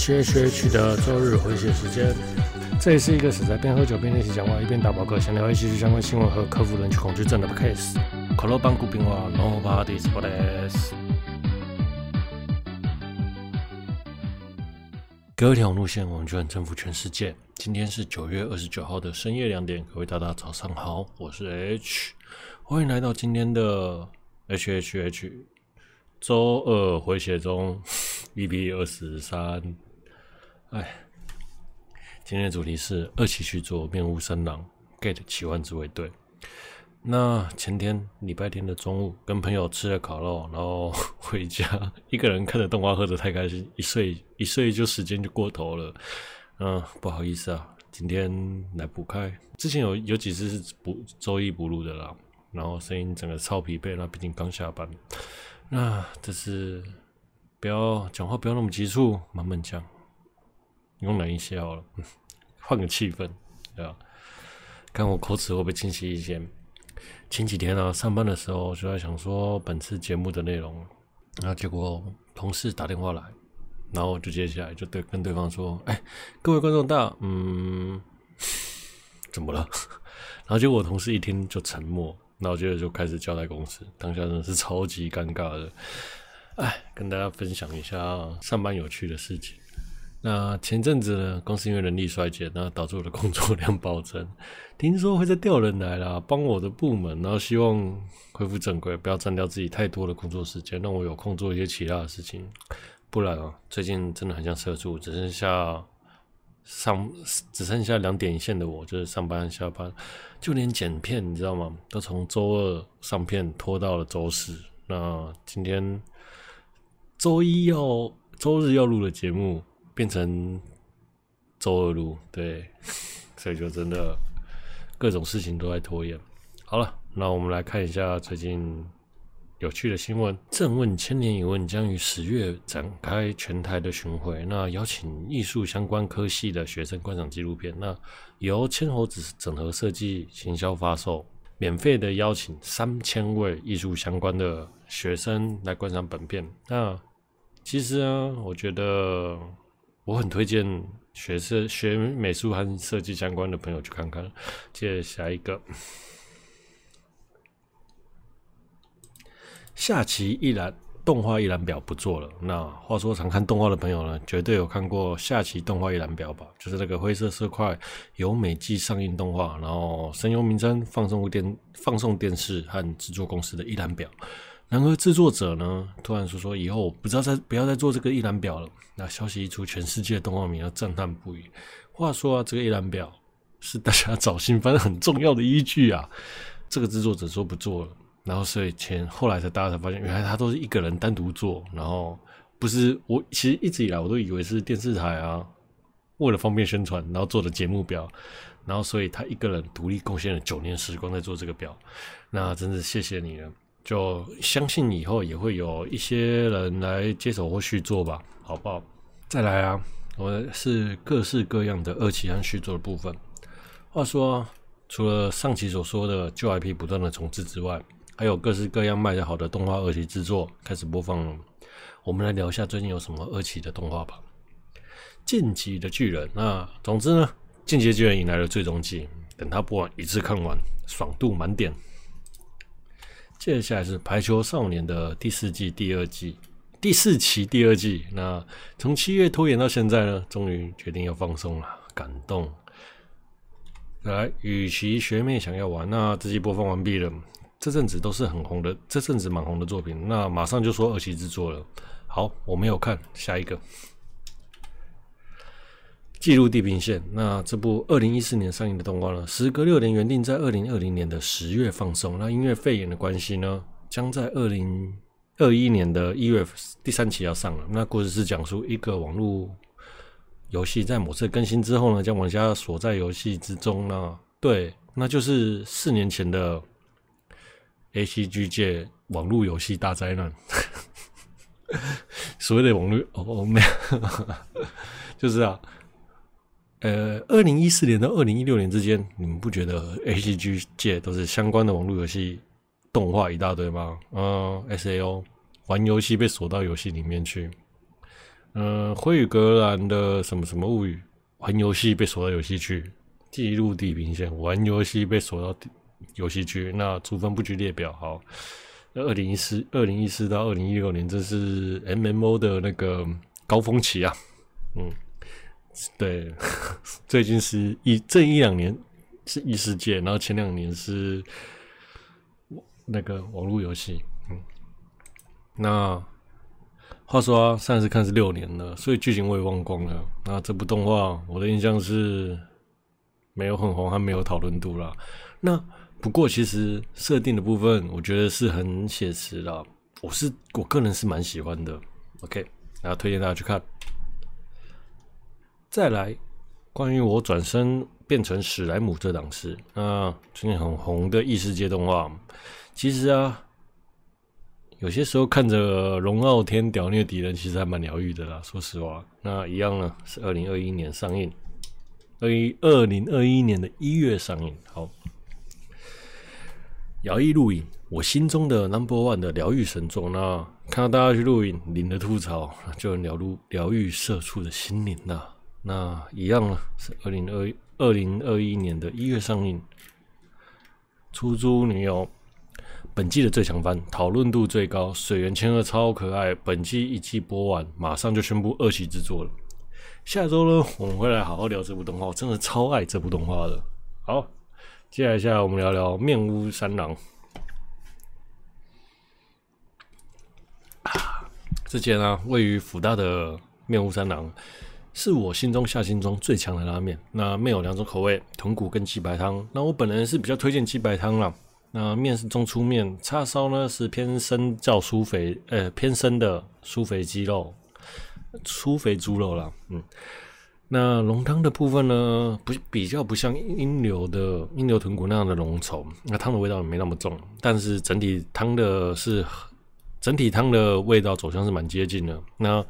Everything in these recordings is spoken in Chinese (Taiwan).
h h h 的週日回血時間，這也是一個死宅邊喝酒邊練習講話，一邊打飽嗝，想聊一些相關新聞和克服人群恐懼症的 case。可樂幫古冰話 n o b o d i s Police。各條路線，我們就能征服全世界。今天是九月二十九號的深夜兩點，各位大大早上好，我是 H，歡迎來到今天的 h h h 週二回血中，HP 二十三。哎，今天的主題是《二期、續作、麵屋三郎》gate 奇幻自衛隊。那前天禮拜天的中午，跟朋友吃了烤肉，然後回家，一個人看着動畫，喝得太開心，一睡一睡就時間就過頭了。嗯，不好意思啊，今天來補開。之前有有幾次是補周一補錄的啦，然後聲音整個超疲憊，那畢竟剛下班。那這是不要講話，不要那麼急促，慢慢講，慵懶一些好了，換個氣氛，對吧？看我口齒會不會清晰一些？前幾天啊，上班的時候就在想說本次節目的內容，然後結果同事打電話來，然後就接起來，就對跟對方說：“哎、欸，各位觀眾大，嗯，怎麼了？”然後結果我同事一聽就沉默，然後接着就開始交代公司，當下真的是超級尷尬的。哎，跟大家分享一下、啊、上班有趣的事情。那前陣子呢，公司因為人力衰竭，然後導致我的工作量暴增。聽說會再調人來啦，幫我的部門，然後希望恢復正軌，不要佔掉自己太多的工作時間，讓我有空做一些其他的事情。不然哦、啊，最近真的很像社畜，只剩下上，只剩下兩點一線的我，就是上班下班，就連剪片，你知道嗎？都從周二上片拖到了周四。那今天周一要周日要錄的節目。變成周二路，對， 所以就真的各種事情都在拖延。好了，那我們來看一下最近有趣的新聞。鄭問千年一問將於十月展開全台的巡回，那邀請藝術相關科系的學生觀賞紀錄片。那由牽猴子整合設計行銷發售，免費的邀請三千位藝術相關的學生來觀賞本片。那其實啊，我覺得。我很推薦學設、學美術和設計相關的朋友去看看。接着下一個，下棋亦然。動畫一覽表不做了。那話說，常看動畫的朋友呢，絕對有看過下期動畫一覽表吧？就是那個灰色色塊，有每季上映動畫，然後聲優名稱放送電放送電視和制作公司的一覽表。然而制作者呢，突然說說以後不知道再不要再做這個一覽表了。那消息一出，全世界動畫迷要震撼不已。話說啊，這個一覽表是大家找新番很重要的依據啊。這個制作者說不做了。然後所以前，後來才大家才發現，原來他都是一個人單獨做。然後不是我，其實一直以來我都以為是電視台啊，為了方便宣傳，然後做的節目表。然後所以他一個人獨立貢獻了九年時光在做這個表，那真的謝謝你了。就相信以後也會有一些人來接手或續作吧，好不好？再來啊，我是各式各樣的二期和續作的部分。話說啊，除了上期所說的舊 IP 不斷的重置之外，還有各式各樣賣得好的動畫二期制作開始播放了，我們來聊一下最近有什麼二期的動畫吧。進擊的巨人，那總之呢，進擊的巨人迎來了最終季，等他播完一次看完，爽度滿點。接下來是排球少年的第四季第二季第四期第二季，那從七月拖延到現在呢，終於決定要放鬆了，感動。來，宇崎學妹想要玩，那這期播放完畢了。這陣子都是很紅的，這陣子蠻紅的作品，那馬上就說二期製作了。好，我沒有看，下一個《紀錄地平線》。那這部二零一四年上映的動畫呢，時隔六年，原定在二零二零年的十月放送，那因為肺炎的關係呢，將在二零二一年的一月第三期要上了。那故事是講述一個網絡遊戲在某次更新之後呢，將玩家鎖在遊戲之中。那對，那就是四年前的。A C G 界網絡遊戲大災難， 所謂的網絡哦沒就是啊，呃，二零一四年到二零一六年之間，你們不覺得 A C G 界都是相關的網絡遊戲動畫一大堆嗎？嗯、呃、，S A O 玩遊戲被鎖到遊戲裡面去，嗯、呃，灰與格蘭的什麼什麼物語，玩遊戲被鎖到遊戲去，記錄地平線，玩遊戲被鎖到。遊戲區那主分佈局列表好，二零一四二零一四到二零一六年這是 M M O 的那個高峰期啊，嗯，對，最近是一這一兩年是異世界，然後前兩年是，我那個網絡遊戲，嗯，那話說啊，上次看是六年了，所以劇情我也忘光了。那這部動畫我的印象是沒有很紅，還沒有討論度啦。那不過，其實設定的部分，我覺得是很寫實的。我是我個人是蠻喜歡的。OK，然後推薦大家去看。再來，關於我轉生變成史萊姆這檔事，啊，最近很紅的異世界動畫，其實啊，有些時候看着龍傲天屌虐敵人，其實還蠻療癒的啦。說實話，那一樣呢，是二零二一年上映，於二零二一年的一月上映。好。搖曳露營，我心中的 number one 的療癒神作。那看到大家去露營，領了吐槽，就能療癒療癒社畜的心靈。那那一樣了，是二零二二零二一年的一月上映。出租女友，本季的最強番，討論度最高。水原千鶴超可愛，本季一季播完，馬上就宣布二期制作了。下周呢，我們會來好好聊這部動畫，我真的超愛這部動畫的。好。接下來，我們聊聊面屋三郎啊。這間啊，位於福大的面屋三郎是我心中下心中最強的拉麵。那面有兩種口味，豚骨跟雞白湯。那我本人是比較推薦雞白湯啦。那面是中粗面，叉燒呢是偏深較粗肥，呃，偏生的粗肥雞肉、粗肥豬肉啦。嗯。那濃湯的部分呢，不比較不像陰流的陰流豚骨那樣的濃稠，那湯的味道也沒那麼重，但是整體湯的是整體湯的味道走向是蠻接近的。那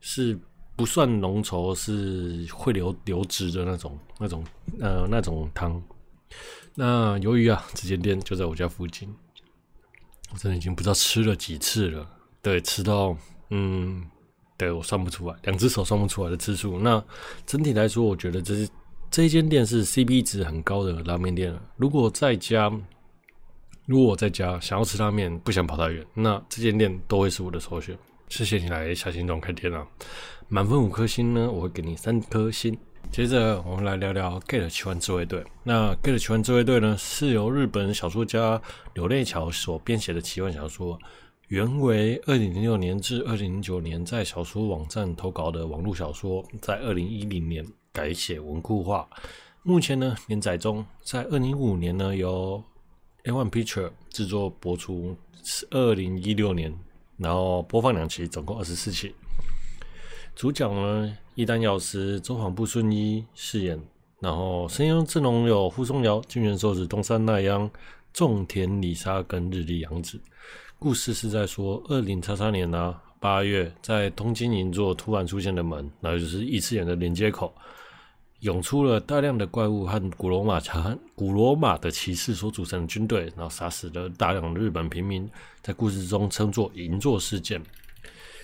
是不算濃稠，是會流流汁的那種那種、呃、那種湯。那由於啊，這間店就在我家附近，我真的已經不知道吃了幾次了，對，吃到嗯。對，我算不出來，兩只手算不出來的次數。那整體來說，我覺得這是這一間店是 CP 值很高的拉面店。如果在家，如果我在家想要吃拉麵，不想跑太遠，那這間店都會是我的首選。謝謝你來下新莊開店了、啊，滿分五顆星呢，我會給你三顆星。接着我們來聊聊《Gate 奇幻自衛隊》。那《Gate 奇幻自衛隊》呢，是由日本小說家柳內巧所編寫的奇幻小說。原為二零零六年至二零零九年在小說網站投稿的網絡小說，在二零一零年改寫文庫化，目前呢連載中。在二零一五年呢由 A One Picture 製作播出，二零一六年然後播放兩期，總共二十四期。主角呢伊丹耀司諏訪部順一飾演，然後聲優陣容有戶松遙、金元壽子、東山奈央、種田梨沙跟日笠陽子。故事是在說二零叉三年呢、啊、八月在東京銀座突然出現的門，那就是異次元的連接口，湧出了大量的怪物和古羅馬、古羅馬的騎士所組成的軍隊，然後殺死了大量日本平民，在故事中稱作銀座事件。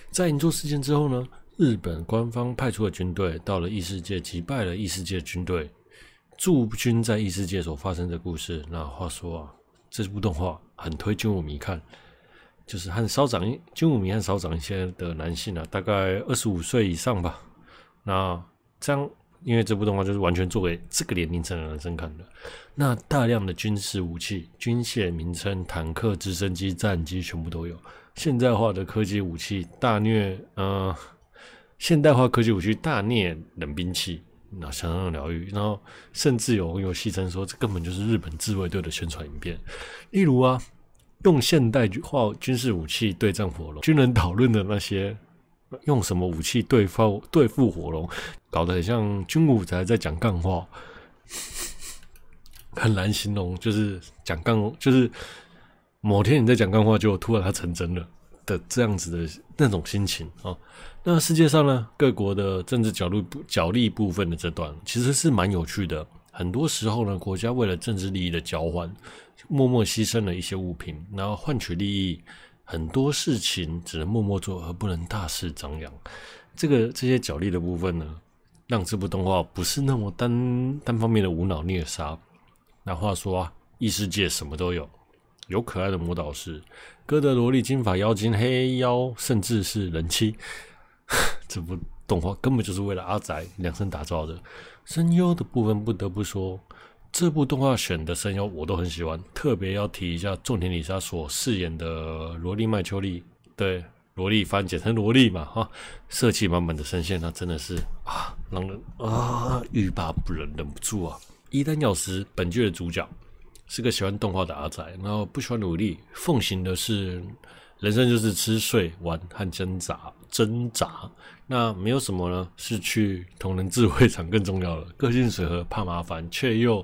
在銀座事件之後呢，日本官方派出了軍隊到了異世界，擊敗了異世界軍隊，駐軍在異世界所發生的故事。那話說啊，這部動畫很推薦我們一看。就是很稍長、軍武迷很少長一些的男性啊，大概二十五歲以上吧。那這樣，因為這部動畫就是完全作為這個年齡層的男生看的。那大量的軍事武器、軍械名稱、坦克、直升機、戰機，全部都有。現代化的科技武器大虐，嗯、呃，現代化科技武器大虐冷兵器，那相當療癒。然後甚至有有戲稱說，這根本就是日本自衛隊的宣傳影片，例如啊。用現代化軍事武器對戰火龍，軍人討論的那些用什麼武器對付對付火龍，搞得很像軍武宅在講幹話，很難形容，就是講幹，就是某天你在講幹話，就突然它成真了的這樣子的那種心情啊。那世界上呢，各國的政治角度角力部分的這段其實是蠻有趣的。很多時候呢，國家為了政治利益的交換。默默犧牲了一些物品，然後換取利益，很多事情只能默默做，而不能大肆張揚。這個這些角力的部分呢，讓這部動畫不是那麼單單方面的無腦虐殺。那話說啊，異世界什麼都有，有可愛的魔導師、哥德蘿莉、金髮妖精、黑妖，甚至是人妻。這部動畫根本就是為了阿宅量身打造的。聲優的部分不得不說。這部動畫選的聲優我都很喜歡，特別要提一下種田梨沙所飾演的蘿莉麥秋莉，對蘿莉，反正簡稱蘿莉嘛哈，色、啊、氣滿滿的聲線，那真的是啊，讓人啊欲罷不能，忍不住啊！伊丹耀司本劇的主角是個喜歡動畫的阿宅，然後不喜歡努力，奉行的是。人生就是吃睡玩和掙扎掙扎，那沒有什麼呢？是去同人智慧場更重要了。個性隨和怕麻煩，卻又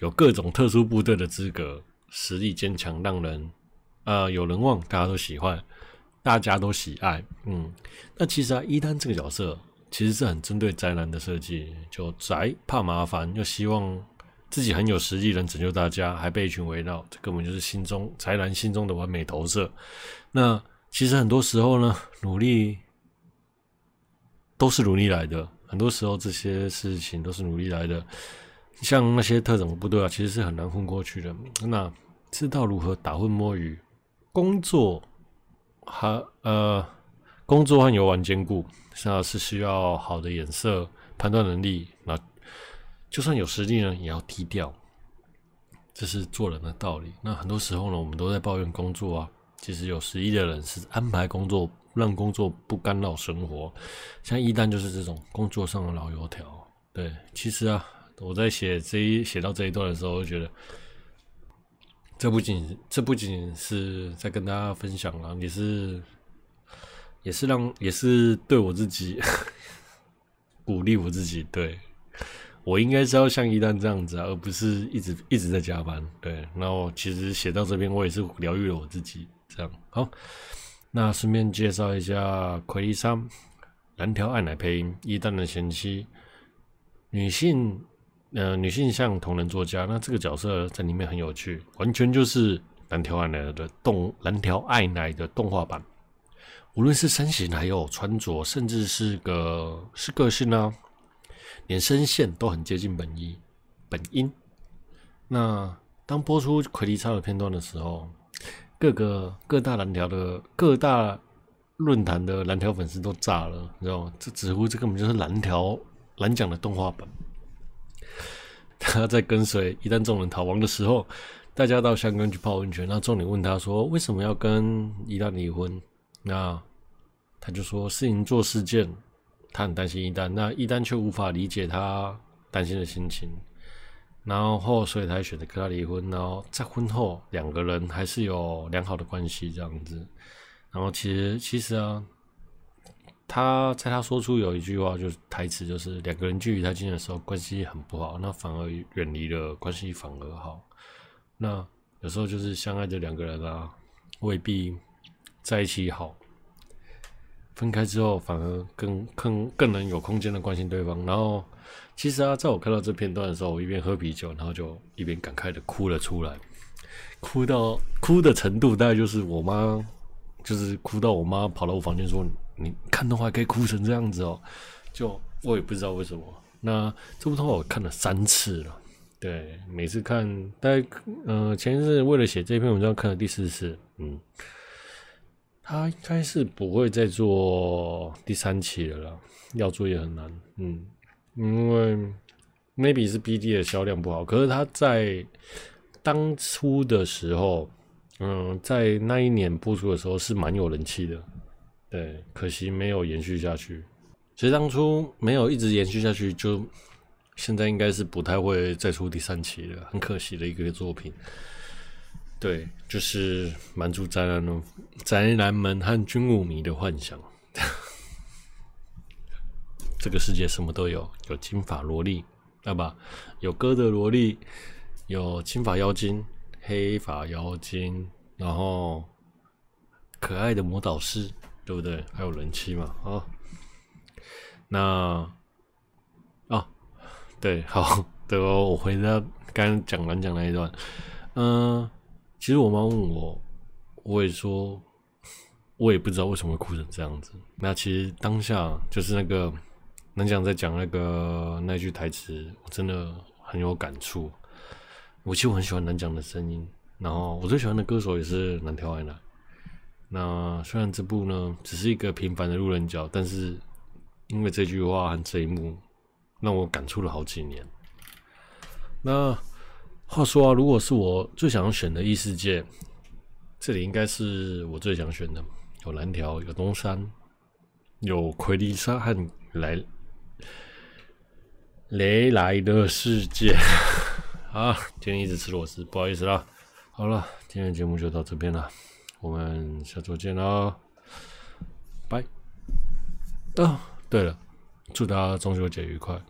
有各種特殊部隊的資格，實力堅強，讓人呃有人望，大家都喜歡，大家都喜愛。嗯，那其實啊，伊丹這個角色其實是很針對宅男的設計，就宅怕麻煩，又希望。自己很有實力，能拯救大家，還被一群圍繞，這根本就是心中宅男心中的完美投射。那其實很多時候呢，努力都是努力來的，很多時候這些事情都是努力來的。像那些特種部隊啊，其實是很難混過去的。那知道如何打混摸魚，工作和呃工作和遊玩兼顧，那是需要好的眼色、判斷能力。那就算有實力呢，也要低調，這是做人的道理。那很多時候呢，我們都在抱怨工作啊。其實有實力的人是安排工作，讓工作不干擾生活。像一丹就是這種工作上的老油條。對，其實啊，我在寫這一寫到這一段的時候，我覺得這不僅這不僅是在跟大家分享啊，也是也是讓也是對我自己鼓 勵我自己對。我應該是要像一旦這樣子啊，而不是一直一直在加班。對，然後其實寫到這邊，我也是療癒了我自己。這樣好，那順便介紹一下奎一桑藍條愛奶配音一旦的前妻女性，呃，女性像同人作家，那這個角色在裡面很有趣，完全就是藍條愛奶的動藍條愛奶的動畫版，無論是身形還有穿着，甚至是個是個性啊。連聲線都很接近本音，本音。那當播出《魁地奇》的片段的時候，各個各大藍條的各大論壇的藍條粉絲都炸了，你知道嗎？這幾乎這根本就是藍條藍獎的動畫版。 他在跟隨伊丹眾人逃亡的時候，大家到香港去泡溫泉，那眾人問他說為什麼要跟伊丹離婚？那他就說是銀座事件。他很擔心伊丹，那伊丹卻無法理解他擔心的心情，然後,後所以他選擇跟他離婚，然後再婚後兩個人還是有良好的關係這樣子，然後其實其實啊，他在他說出有一句話，就是台詞就是兩個人距離太近的時候關係很不好，那反而遠離了關係反而好，那有時候就是相愛的兩個人啊未必在一起好。分開之後，反而更更更能有空間的關心對方。然後，其實啊，在我看到這片段的時候，我一邊喝啤酒，然後就一邊感慨地哭了出來，哭到哭的程度，大概就是我媽，就是哭到我媽跑到我房間說你：“你看動畫可以哭成這樣子哦。”就我也不知道為什麼。那這部動畫我看了三次了，對，每次看大概呃，前日是為了寫這篇文章看了第四次，嗯。他應該是不會再做第三期了，要做也很難，嗯，因為 maybe 是 BD 的銷量不好，可是他在當初的時候，嗯，在那一年播出的時候是蠻有人氣的，對，可惜沒有延續下去。其實當初沒有一直延續下去，就現在應該是不太會再出第三期了，很可惜的一個作品。對，就是滿足宅男宅男們和軍武迷的幻想。 這個世界什麼都有，有金髮蘿莉，對吧？有哥德蘿莉，有金髮妖精、黑髮妖精，然後可愛的魔導師，對不對？還有人妻嘛？啊、哦，那啊，對，好，對哦。我回到剛剛講完講那一段，嗯。其實我媽問我，我也說，我也不知道為什麼會哭成這樣子。那其實當下就是那個南條在講那個那句台詞，我真的很有感觸。我其實我很喜歡南條的聲音，然後我最喜歡的歌手也是南條愛乃。那雖然這部呢只是一個平凡的路人甲，但是因為這句話和這一幕，讓我感觸了好幾年。那。話說啊，如果是我最想選的異世界，這裡應該是我最想選的。有藍條，有東山，有奎利沙和來雷雷萊的世界。啊， 今天一直吃螺絲，不好意思啦。好了，今天的節目就到這邊了，我們下周見啦。拜。啊，對了，祝大家中秋節愉快。